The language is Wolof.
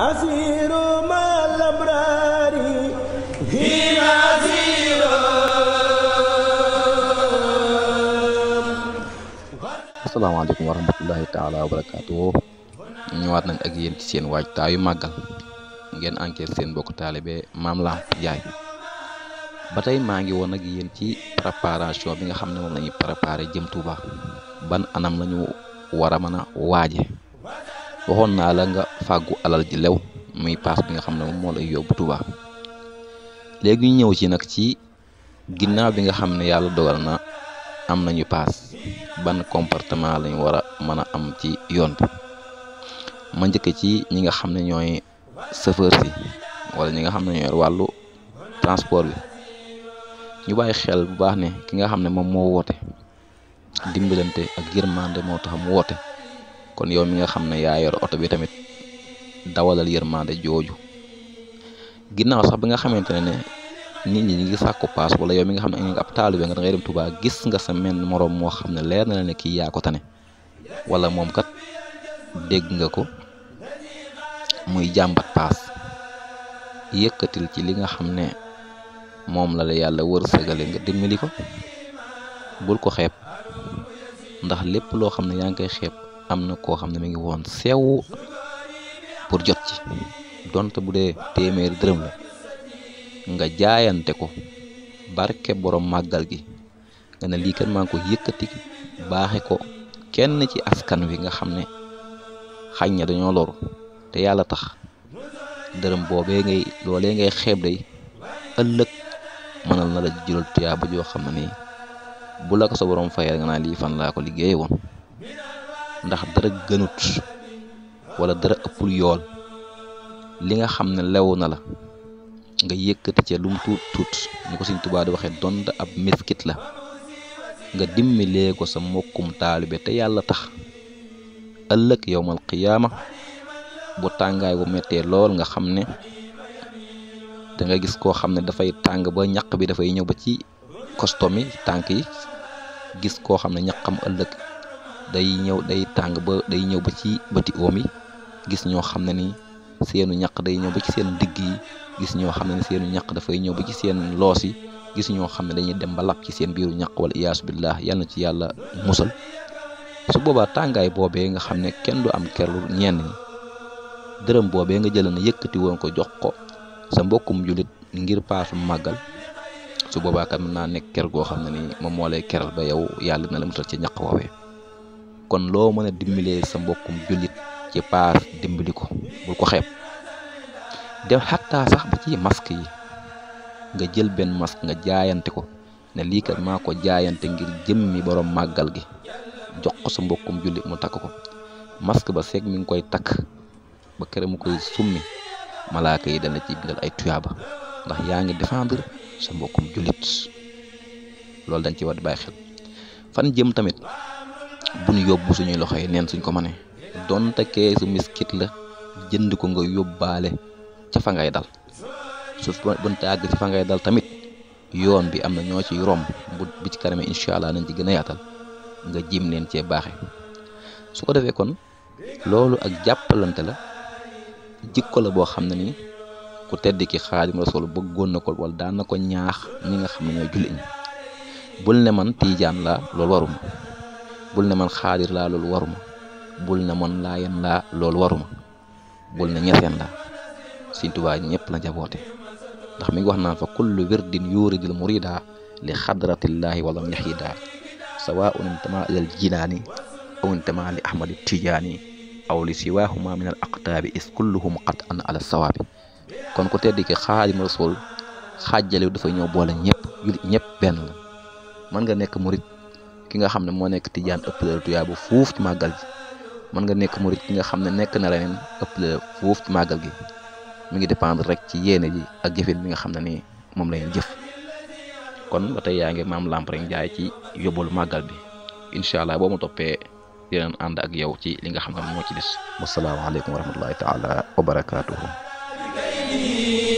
أسير مع الأبرار هي wa rahmatullahi taala wa nañ ak yéen ci seen yu màggal ngeen enquête seen bokk taalibe maam la Ndiaye ba tey maa ngi woon ak yéen ci préparation bi nga xam ne moom la ñuy préparé jëm Tuuba ban anam lañu ñu war a mën a waaje waxoon naa la nga fàggu alal ji lew muy paas bi nga xam ne moom moo lay yóbbu Tuubaa léegi ñëw ci nag ci ginnaaw bi nga xam ne yàlla dogal am nañu paas ban comportement lañ war a mën a am ci yoon ma njëkk ci ñi nga xam ne ñooy chauffeur si wala ñi nga xam ne ñooy wàllu transport bi ñu bàyyi xel bu baax ne ki nga xam ne moom moo woote dimbalante ak yërmande moo tax mu woote kon yow mi nga xam ne yaa yor oto bi tamit dawalal yërmande jooju ginnaaw sax bi nga xamante ne nit ñi ñu ngi sàkku wala yow mi nga xam ne ab taalibe nga da ngay dem Touba gis nga sa men moroom moo xam ne leer na la ne kii yaa ko tane walla moom kat dégg nga ko muy jàmbat paas yëkkatil ci li nga xam ne moom la la yàlla wërsëgale nga dimbali ko bul ko xeeb ndax lépp loo xam ne yaa ngi koy xeeb. am na koo xam ne mi ngi woon sew pour jot ci dont bu dee téeméeri dërëm la nga jaayante ko barke boroom màggal gi nga ne lii kat maa ko yëkkati baaxe ko kenn ci askan wi nga xam ne xañ na dañoo loru te yàlla tax dërëm boobee ngay loolee ngay xeeb day ëllëg mënal na la jural tuyaa ba joo xam ne nii bu la ko sa borom fayal nga naa lii fan laa ko liggéeye woon ndax dara gënut walla dara ëppul yool li nga xam ne lew na la nga yëkkati ca lum tuut tuut ñu ko Sëriñ Tuubaa di waxee dond ab miskit la nga dimmilee ko sa mbokkum taalibe te yàlla tax ëllëg yowmal qiyaama bu tàngaay bu mettee lool nga xam ne danga gis koo xam ne dafay tàng ba ñaq bi dafay ñëw ba ci kostomi tànk yi gis koo xam ne ñaqam ëllëg day ñëw day tàng ba day ñëw ba ci bëti oom yi gis ñoo xam ne ni seenu ñaq day ñëw ba ci seen digg yi gis ñoo xam ne ni seenu ñaq dafay ñëw ba ci seen loos yi gis ñoo xam ne dañuy dem ba lap ci seen biiru ñaq wala iyaasu billah yàlla ci yàlla musal su boobaa tàngaay boobee nga xam ne kenn du am kerlu ñenn ñi dërëm boobee nga jëlan yëkkati woon ko jox ko sa mbokkum julit ngir paasu màggal su boobaa kam naa nekk ker goo xam ne ni moom moo lay keral ba yow yàlla na la musal ci ñaq woowee kon loo mën a dimbalee sa mbokkum jullit ci paas dimbali ko bul ko xeeb dem hatta sax ba ci masque yi nga jël benn masque nga jaayante ko ne lii kat maa ko jaayante ngir jëmmi borom màggal gi jox ko sa mbokkum jullit mu takk ko masque ba seeg mi ngi koy takk ba kere mu koy summi malaaka yi dana ci bindal ay tuyaaba ndax yaa ngi défendre sa mbokkum jullit loolu dañ ci war di bàyyi xel fan jëm tamit bu ñu yóbbu ñuy loxo yi neen suñ ko mënee donte keesu miskit la jënd ko nga yóbbaale ca fa ngay dal su bunte àgg ci fa ngay dal tamit yoon bi am na ñoo ci romb bu bi ci kaname incha allah nañ ci gën a yaatal nga jim leen cee baaxe su ko defee kon loolu ak jàppalante la jikko la boo xam ne ni ku tedd ki xaadim rasul bëggoon na ko wala daan na ko ñaax ñi nga xam ne ñooy jullit ñi bul ne man tiijaan la loolu waruma bul na man xaadir laa loolu waruma bul ne man laayen laa loolu waruma bul ne ñeseen laa Sëriñ Tuubaa ñëpp la jaboote ndax mi ngi wax naan fa kullu wirdin yuridil murida li xadratillaahi walam yaxidaa sawaun intama ilal jinaani aw intama li ahmadi tijaani aw li siwaahuma min al is kulluhum qat ala sawaabi kon ku tedd ki xaadim rasul xaajale dafa ñëw boole ñëpp jullit benn la mën nga nekk murit ki nga xam ne moo nekk tijaan ëpp la tuyaaba fuuf ci màggal ji mën nga nekk murit ki nga xam ne nekk na leneen ëpp la fuuf ci màggal gi mu ngi dépendre rek ci yéene ji ak jëfin bi nga xam ne ni moom la ñuy jëf kon ba tey yaa ngi maam lamp rek jaay ci yóbbalu màggal bi incha allah boo ma toppee dinañ ànd ak yow ci li nga xam ne moo ci des wasalaamaaleykum wa rahmatullahi taala wa